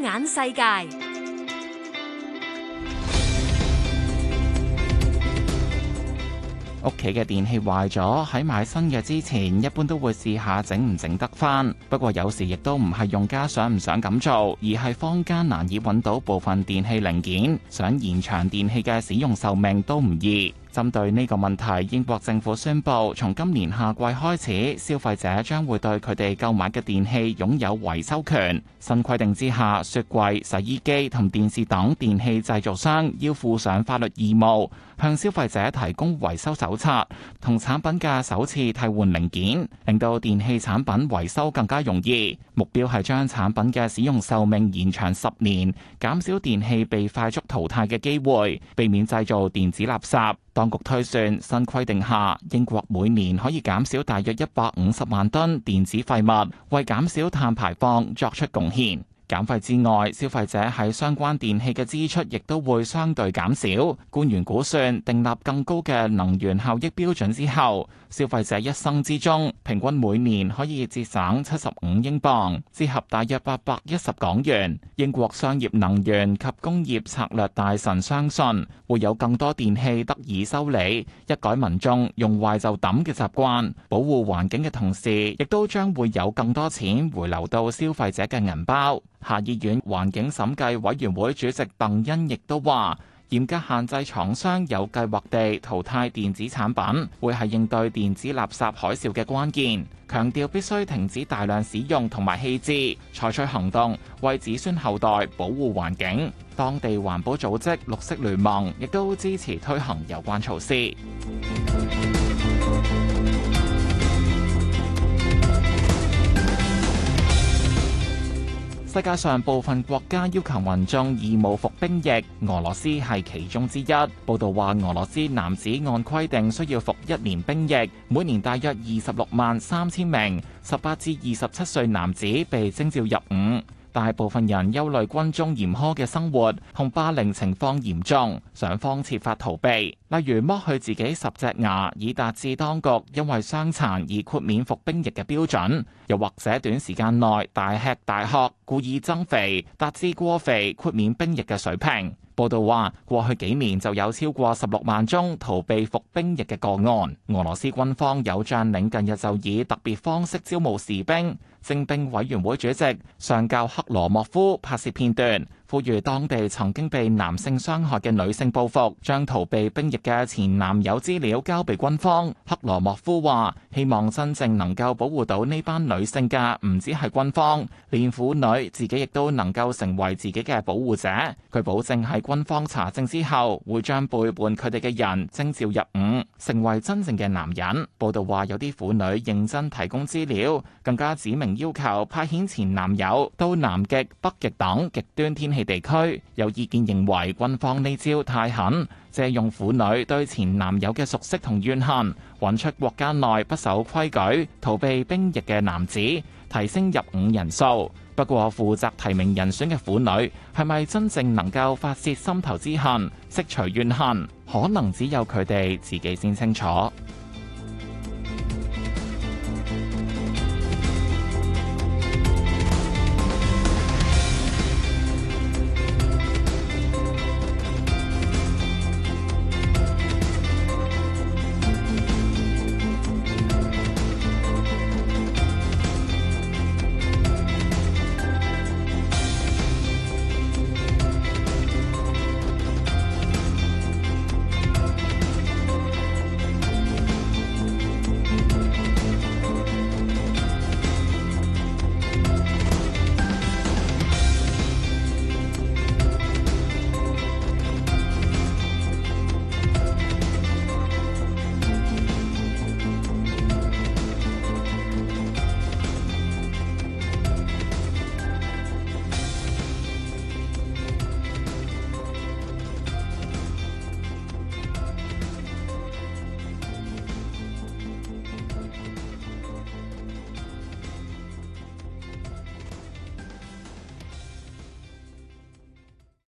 眼世界，屋企嘅電器壞咗，喺買新嘅之前，一般都會試下整唔整得返。不過有時亦都唔係用家想唔想咁做，而係坊間難以揾到部分電器零件，想延長電器嘅使用壽命都唔易。針對呢個問題，英國政府宣布，從今年夏季開始，消費者將會對佢哋購買嘅電器擁有維修權。新規定之下，雪櫃、洗衣機同電視等電器製造商要負上法律義務，向消費者提供維修手冊同產品嘅首次替換零件，令到電器產品維修更加容易。目標係將產品嘅使用壽命延長十年，減少電器被快速淘汰嘅機會，避免製造電子垃圾。當局推算，新規定下，英國每年可以減少大約一百五十萬噸電子廢物，為減少碳排放作出貢獻。減費之外，消費者喺相關電器嘅支出亦都會相對減少。官員估算，訂立更高嘅能源效益標準之後，消費者一生之中平均每年可以節省七十五英鎊，折合大約八百一十港元。英國商業能源及工業策略大臣相信，會有更多電器得以修理，一改民眾用壞就抌嘅習慣，保護環境嘅同時，亦都將會有更多錢回流到消費者嘅銀包。下議院環境審計委員會主席鄧恩亦都話：嚴格限制廠商有計劃地淘汰電子產品，會係應對電子垃圾海嘯嘅關鍵。強調必須停止大量使用同埋棄置，採取行動為子孫後代保護環境。當地環保組織綠色聯盟亦都支持推行有關措施。世界上部分國家要求民眾義務服兵役，俄羅斯係其中之一。報道話，俄羅斯男子按規定需要服一年兵役，每年大約二十六萬三千名十八至二十七歲男子被徵召入伍。大部分人憂慮軍中嚴苛嘅生活，同霸凌情況嚴重，想方設法逃避，例如剝去自己十隻牙，以達至當局因為傷殘而豁免服兵役嘅標準，又或者短時間內大吃大喝。故意增肥達至過肥豁免兵役嘅水平。報道話，過去幾年就有超過十六萬宗逃避服兵役嘅個案。俄羅斯軍方有將領，近日就以特別方式招募士兵。徵兵委員會主席上校克羅莫夫拍攝片段。呼籲當地曾經被男性傷害嘅女性報復，將逃避兵役嘅前男友資料交俾軍方。克羅莫夫話：希望真正能夠保護到呢班女性嘅，唔止係軍方，連婦女自己亦都能夠成為自己嘅保護者。佢保證喺軍方查證之後，會將背叛佢哋嘅人徵召入伍，成為真正嘅男人。報道話，有啲婦女認真提供資料，更加指明要求派遣前男友到南極、北極等極端天氣。地區有意見認為，軍方呢招太狠，借用婦女對前男友嘅熟悉同怨恨，揾出國家內不守規矩、逃避兵役嘅男子，提升入伍人數。不過負責提名人選嘅婦女，係咪真正能夠發泄心頭之恨、釋除怨恨，可能只有佢哋自己先清楚。